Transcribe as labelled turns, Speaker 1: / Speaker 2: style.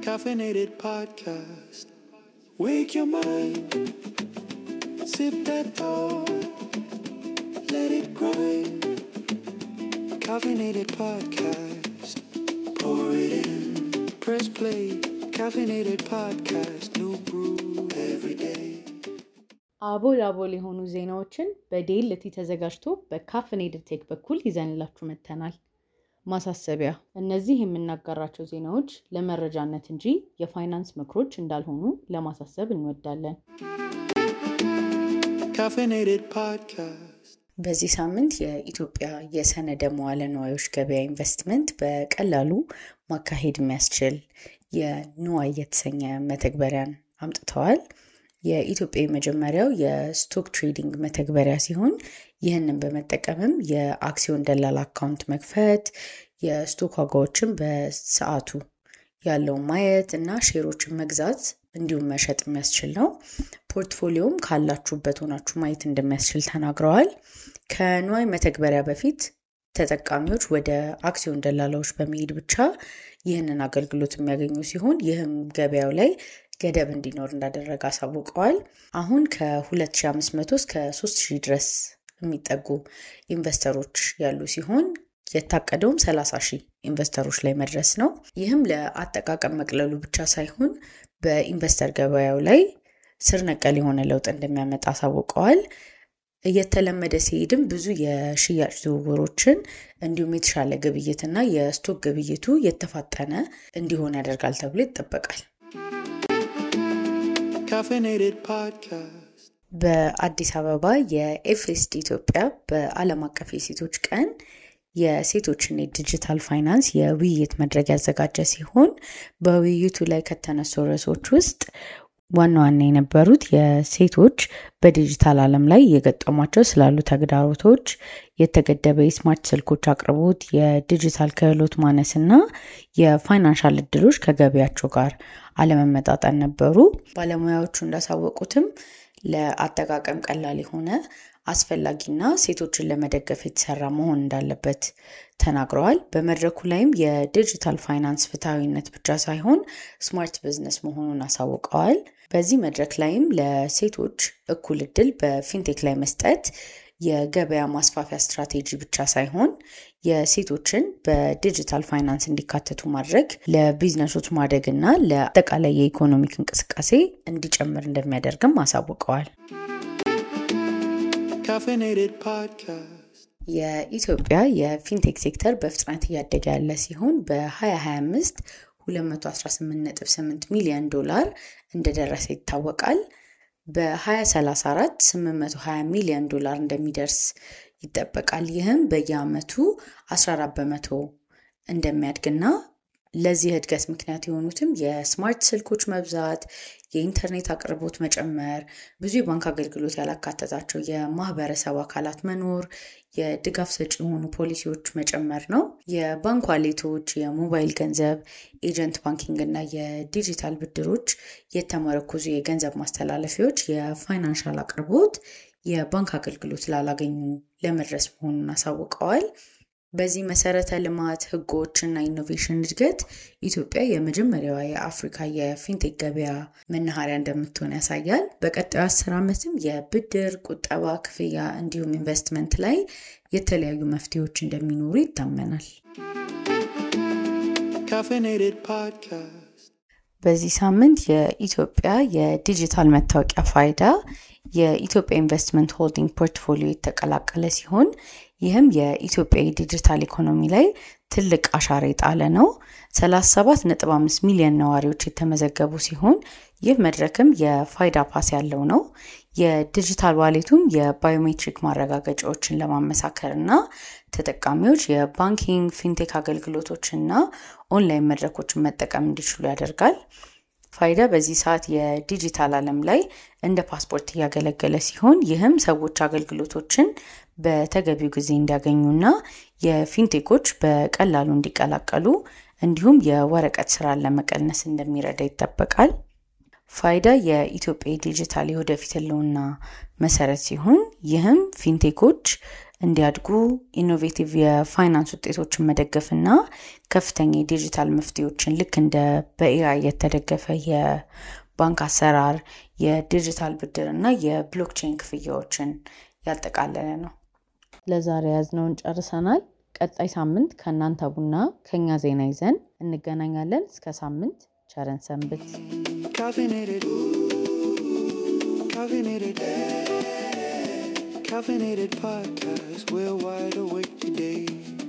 Speaker 1: Caffeinated podcast. Wake your mind. Sip that thought. Let it grind. Caffeinated podcast. Every day. Press አቦል አቦል የሆኑ ዜናዎችን በዴልቲ ተዘጋጅቶ በካፍኔድድ ቴክ በኩል ይዘንላችሁ መጥተናል። ማሳሰቢያ፣ እነዚህ የምናጋራቸው ዜናዎች ለመረጃነት እንጂ የፋይናንስ ምክሮች እንዳልሆኑ ለማሳሰብ እንወዳለን። ካፍኔድ ፖድካስት በዚህ ሳምንት የኢትዮጵያ የሰነደ መዋለ ንዋዮች ገበያ ኢንቨስትመንት በቀላሉ ማካሄድ የሚያስችል የንዋይ የተሰኘ መተግበሪያን አምጥተዋል። የኢትዮጵያ የመጀመሪያው የስቶክ ትሬዲንግ መተግበሪያ ሲሆን ይህንን በመጠቀምም የአክሲዮን ደላላ አካውንት መክፈት፣ የስቶክ ዋጋዎችን በሰዓቱ ያለውን ማየት እና ሼሮችን መግዛት እንዲሁም መሸጥ የሚያስችል ነው። ፖርትፎሊዮም ካላችሁበት ሆናችሁ ማየት እንደሚያስችል ተናግረዋል። ከንዋይ መተግበሪያ በፊት ተጠቃሚዎች ወደ አክሲዮን ደላላዎች በመሄድ ብቻ ይህንን አገልግሎት የሚያገኙ ሲሆን ይህም ገበያው ላይ ገደብ እንዲኖር እንዳደረገ አሳውቀዋል። አሁን ከ2500 እስከ 3000 ድረስ የሚጠጉ ኢንቨስተሮች ያሉ ሲሆን የታቀደውም 30 ሺህ ኢንቨስተሮች ላይ መድረስ ነው። ይህም ለአጠቃቀም መቅለሉ ብቻ ሳይሆን በኢንቨስተር ገበያው ላይ ስር ነቀል የሆነ ለውጥ እንደሚያመጣ አሳውቀዋል። እየተለመደ ሲሄድም ብዙ የሽያጭ ዝውውሮችን እንዲሁም የተሻለ ግብይትና የስቶክ ግብይቱ የተፋጠነ እንዲሆን ያደርጋል ተብሎ ይጠበቃል። በአዲስ አበባ የኤፍኤስዲ ኢትዮጵያ በዓለም አቀፍ የሴቶች ቀን የሴቶችን የዲጂታል ፋይናንስ የውይይት መድረክ ያዘጋጀ ሲሆን በውይይቱ ላይ ከተነሱ ርዕሶች ውስጥ ዋና ዋና የነበሩት የሴቶች በዲጂታል አለም ላይ እየገጠሟቸው ስላሉ ተግዳሮቶች፣ የተገደበ የስማርት ስልኮች አቅርቦት፣ የዲጂታል ክህሎት ማነስና የፋይናንሻል እድሎች ከገቢያቸው ጋር አለመመጣጠን ነበሩ። ባለሙያዎቹ እንዳሳወቁትም ለአጠቃቀም ቀላል የሆነ አስፈላጊና ሴቶችን ለመደገፍ የተሰራ መሆን እንዳለበት ተናግረዋል። በመድረኩ ላይም የዲጂታል ፋይናንስ ፍትሐዊነት ብቻ ሳይሆን ስማርት ቢዝነስ መሆኑን አሳውቀዋል። በዚህ መድረክ ላይም ለሴቶች እኩል እድል በፊንቴክ ላይ መስጠት የገበያ ማስፋፊያ ስትራቴጂ ብቻ ሳይሆን የሴቶችን በዲጂታል ፋይናንስ እንዲካተቱ ማድረግ ለቢዝነሶች ማደግና ለአጠቃላይ የኢኮኖሚክ እንቅስቃሴ እንዲጨምር እንደሚያደርግም አሳውቀዋል። የኢትዮጵያ የፊንቴክ ሴክተር በፍጥነት እያደገ ያለ ሲሆን በ2025 218.8 ሚሊዮን ዶላር እንደደረሰ ይታወቃል። በ2034 820 ሚሊዮን ዶላር እንደሚደርስ ይጠበቃል። ይህም በየዓመቱ 14 በመቶ እንደሚያድግና ለዚህ እድገት ምክንያት የሆኑትም የስማርት ስልኮች መብዛት፣ የኢንተርኔት አቅርቦት መጨመር፣ ብዙ የባንክ አገልግሎት ያላካተታቸው የማህበረሰብ አካላት መኖር፣ የድጋፍ ሰጪ የሆኑ ፖሊሲዎች መጨመር ነው። የባንክ ዋሌቶች፣ የሞባይል ገንዘብ፣ ኤጀንት ባንኪንግ እና የዲጂታል ብድሮች የተመረኮዙ የገንዘብ ማስተላለፊያዎች የፋይናንሻል አቅርቦት የባንክ አገልግሎት ላላገኙ ለመድረስ መሆኑን አሳውቀዋል። በዚህ መሰረተ ልማት ህጎች እና ኢኖቬሽን እድገት ኢትዮጵያ የመጀመሪያዋ የአፍሪካ የፊንቴክ ገበያ መናኸሪያ እንደምትሆን ያሳያል። በቀጣዩ አስር ዓመትም የብድር ቁጠባ፣ ክፍያ እንዲሁም ኢንቨስትመንት ላይ የተለያዩ መፍትሄዎች እንደሚኖሩ ይታመናል። በዚህ ሳምንት የኢትዮጵያ የዲጂታል መታወቂያ ፋይዳ የኢትዮጵያ ኢንቨስትመንት ሆልዲንግ ፖርትፎሊዮ የተቀላቀለ ሲሆን ይህም የኢትዮጵያ የዲጂታል ኢኮኖሚ ላይ ትልቅ አሻራ የጣለ ነው። 37.5 ሚሊዮን ነዋሪዎች የተመዘገቡ ሲሆን ይህ መድረክም የፋይዳ ፓስ ያለው ነው። የዲጂታል ዋሌቱም የባዮሜትሪክ ማረጋገጫዎችን ለማመሳከር ና ተጠቃሚዎች የባንኪንግ፣ ፊንቴክ አገልግሎቶችና ኦንላይን መድረኮችን መጠቀም እንዲችሉ ያደርጋል። ፋይዳ በዚህ ሰዓት የዲጂታል ዓለም ላይ እንደ ፓስፖርት እያገለገለ ሲሆን ይህም ሰዎች አገልግሎቶችን በተገቢው ጊዜ እንዲያገኙና የፊንቴኮች በቀላሉ እንዲቀላቀሉ እንዲሁም የወረቀት ስራን ለመቀነስ እንደሚረዳ ይጠበቃል። ፋይዳ የኢትዮጵያ ዲጂታል የወደፊት ህልውና መሰረት ሲሆን ይህም ፊንቴኮች እንዲያድጉ ኢኖቬቲቭ የፋይናንስ ውጤቶችን መደገፍና ከፍተኛ የዲጂታል መፍትሄዎችን ልክ እንደ በኤአይ የተደገፈ የባንክ አሰራር፣ የዲጂታል ብድር እና የብሎክቼን ክፍያዎችን ያጠቃለለ ነው። ለዛሬ ያዝነውን ጨርሰናል። ቀጣይ ሳምንት ከእናንተ ቡና ከኛ ዜና ይዘን እንገናኛለን። እስከ ሳምንት ቸረን ሰንብት። Caffeinated podcast, we're wide awake today.